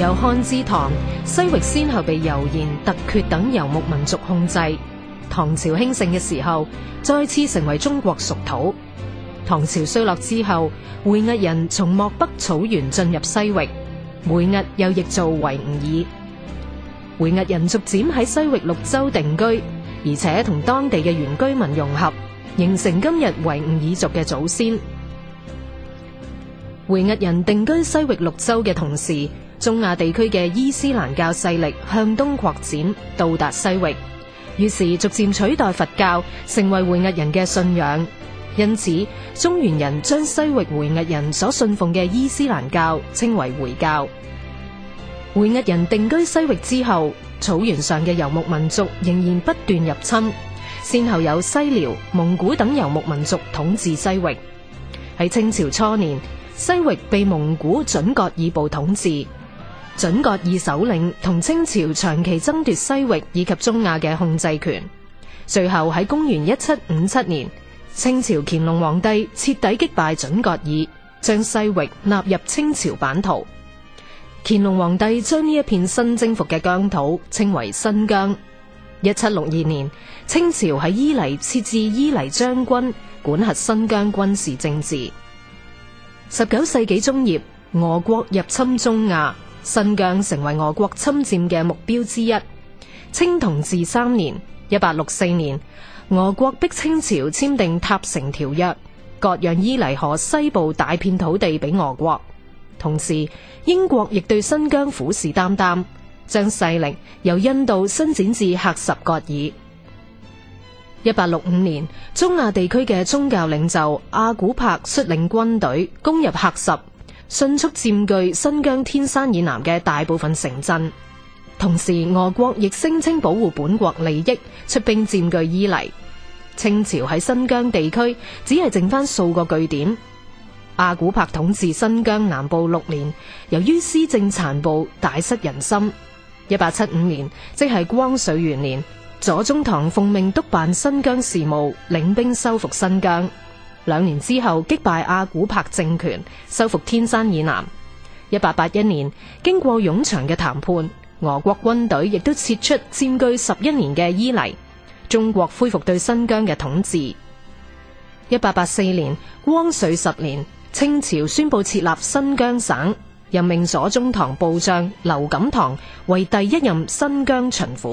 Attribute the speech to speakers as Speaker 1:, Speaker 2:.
Speaker 1: 有漢之唐，西域先後被柔然、突厥等游牧民族控制。中亞地區嘅伊斯蘭教勢力向東擴展，到達西域，於是逐漸取代佛教成為回鶻人嘅信仰，因此，中原人將西域回鶻人所信奉嘅伊斯蘭教稱為回教。準噶爾首領同清朝長期爭奪西域以及中亞嘅控制權，最後喺公元一七五七年，清朝乾隆皇帝徹底擊敗準噶爾，將西域納入清朝版圖。乾隆皇帝將呢一片新征服嘅疆土稱為新疆。一七六二年，清朝喺伊犁設置伊犁將軍，管轄新疆軍事政治。十九世紀中葉，俄國入侵中亞。新疆成為俄國侵佔嘅目標之一。清同治三年（一八六四年），俄國逼清朝簽訂《塔城條約》，割讓伊犁河西部大片土地俾俄國。同時，英國亦對新疆虎視眈眈，將勢力由印度伸展至喀什噶爾。一八六五年，中亞地區嘅宗教領袖阿古柏率領軍隊攻入喀什。迅速佔據新疆天山以南嘅大部分城鎮，同時俄國亦聲稱保護本國利益，出兵佔據伊犁。清朝喺新疆地區只係剩翻數個據點。阿古柏統治新疆南部六年，由於施政殘暴，大失人心。一八七五年，即係光緒元年，左宗棠奉命督辦新疆事務，領兵收復新疆。兩年之後擊敗阿古柏政權，收復天山以南。一八八一年，經過冗長嘅談判，俄國軍隊亦都撤出佔據十一年嘅伊犁，中國恢復對新疆嘅統治。一八八四年，光緒十年，清朝宣佈設立新疆省，任命左宗棠部將劉錦棠為第一任新疆巡撫。